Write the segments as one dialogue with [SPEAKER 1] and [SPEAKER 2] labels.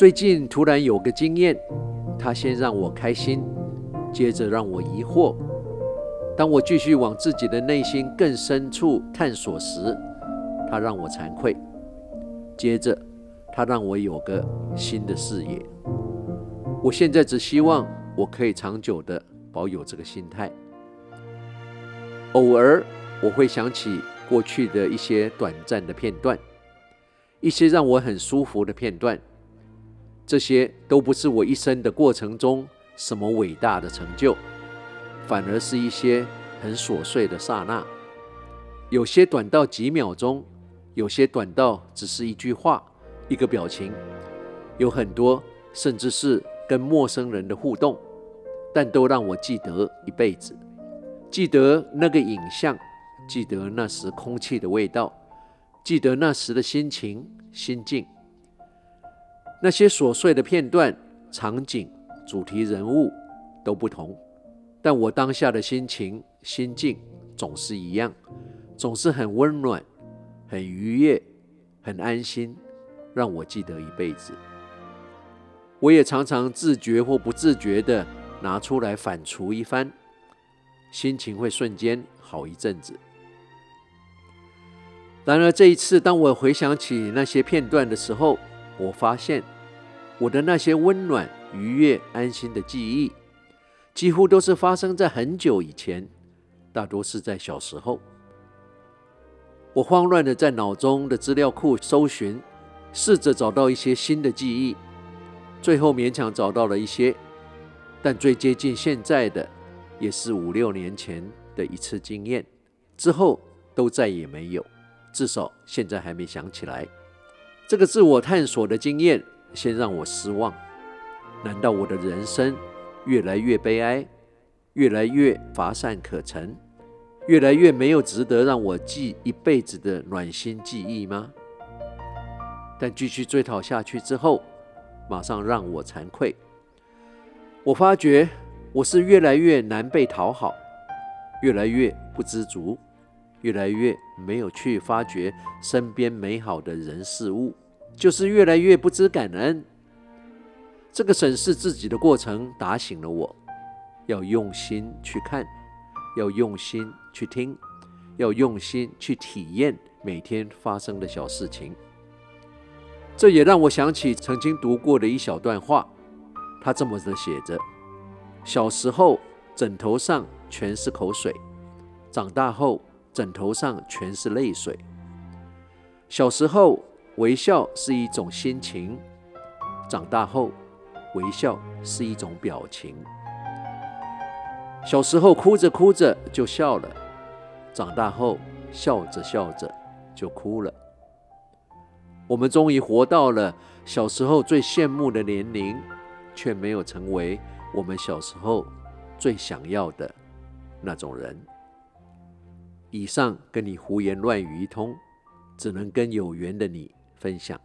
[SPEAKER 1] 最近突然有個經驗，它先讓我開心，接着讓我疑惑。當我繼續往自己的內心更深處探索時，它讓我慚愧。接着，它讓我有個新的視野。我現在只希望我可以長久的保有這個心態。偶爾我會想起過去的一些短暫的片段，一些讓我很舒服的片段。這些都不是我一生的過程中什麼偉大的成就，反而是一些很瑣碎的剎那，有些短到幾秒鐘，有些短到只是一句話、一個表情，有很多甚至是跟陌生人的互動，但都讓我記得一輩子，記得那個影像，記得那時空氣的味道，記得那時的心情，心境。那些瑣碎的片段、場景、主題、人物都不同，但我當下的心情、心境總是一樣，總是很溫暖、很愉悅、很安心，讓我記得一輩子。我也常常自覺或不自覺地拿出來反芻一番，心情會瞬間好一陣子。然而這一次，當我回想起那些片段的時候，我發現，我的那些溫暖、愉悅、安心的記憶，幾乎都是發生在很久以前，大多是在小時候。我慌亂地在腦中的資料庫搜尋，試着找到一些新的記憶，最後勉強找到了一些，但最接近現在的也是五六年前的一次經驗，之後都再也沒有，至少現在還沒想起來。這個自我探索的經驗，先讓我失望。難道我的人生越來越悲哀，越來越乏善可陳，越來越沒有值得讓我記一輩子的暖心記憶嗎？但繼續追討下去之後，馬上讓我慚愧。我發覺我是越來越難被討好，越來越不知足，越來越沒有去發覺身邊美好的人事物。就是越來越不知感恩。這個審視自己的過程，打醒了我，要用心去看，要用心去聽，要用心去體驗每天發生的小事情。這也讓我想起曾經讀過的一小段話，他這麼的寫着：小時候枕頭上全是口水，長大後枕頭上全是淚水。小時候，微笑是一種心情，長大後微笑是一種表情。小時候哭着哭着就笑了，長大後笑着笑着就哭了。我們終於活到了小時候最羨慕的年齡，卻沒有成為我們小時候最想要的那種人。以上跟你胡言亂語一通，只能跟有緣的你分享。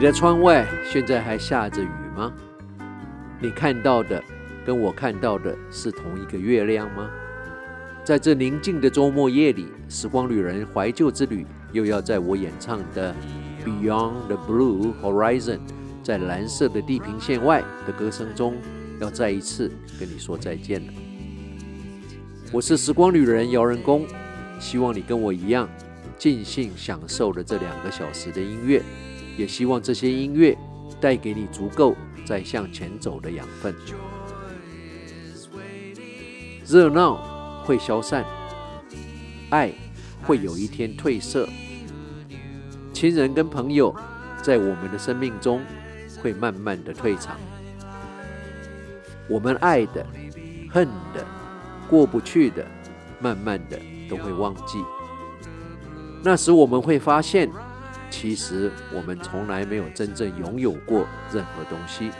[SPEAKER 1] 你的窗外現在還下着雨嗎？你看到的跟我看到的是同一個月亮嗎？在這寧靜的周末夜裡，時光旅人懷舊之旅又要在我演唱的《Beyond the Blue Horizon》在藍色的地平線外的歌聲中，要再一次跟你說再見了。我是時光旅人姚仁公，希望你跟我一樣盡興享受了這兩個小時的音樂。也希望這些音樂帶給你足夠再向前走的養分。熱鬧會消散，愛會有一天褪色，親人跟朋友在我們的生命中會慢慢的退場，我們愛的、恨的、過不去的，慢慢的都會忘記。那時我們會發現。其實我們從來沒有真正擁有過任何東西。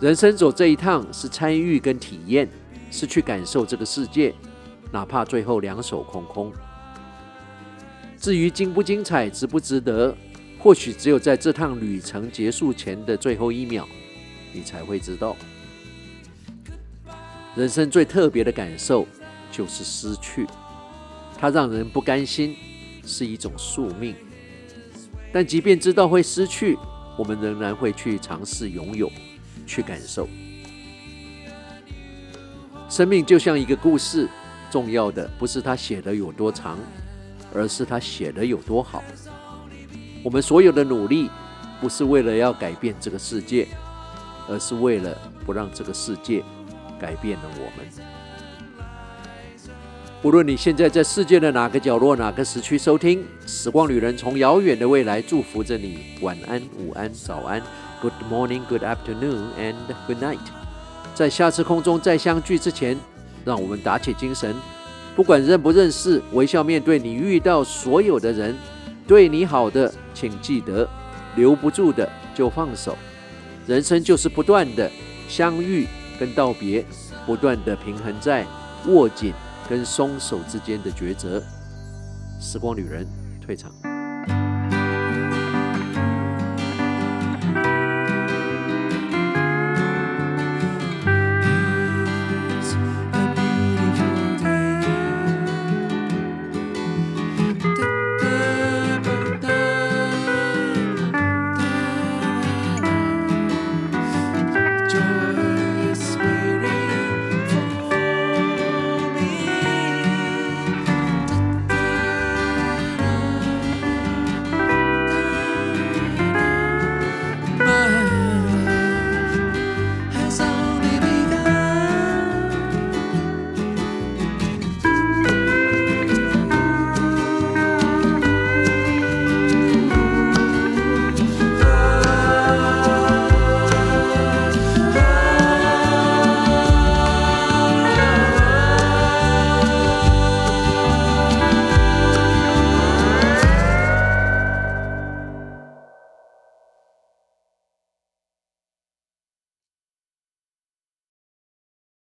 [SPEAKER 1] 人生走這一趟是參與跟體驗，是去感受這個世界，哪怕最後兩手空空。至於精不精彩、值不值得，或許只有在這趟旅程結束前的最後一秒，你才會知道。人生最特別的感受就是失去，它讓人不甘心。是一種宿命，但即便知道會失去，我們仍然會去嘗試擁有，去感受。生命就像一個故事，重要的不是它寫得有多長，而是它寫得有多好。我們所有的努力，不是為了要改變這個世界，而是為了不讓這個世界改變了我們。不論你現在在世界的哪個角落、哪個時區收聽，《時光旅人》從遙遠的未來祝福着你。晚安、午安、早安，Good morning, Good afternoon, and Good night。在下次空中再相聚之前，讓我們打起精神。不管認不認識，微笑面對你遇到所有的人。對你好的，請記得，留不住的就放手。人生就是不斷的相遇跟道別，不斷的平衡在握緊，跟凶手之間的抉擇，時光旅人退場。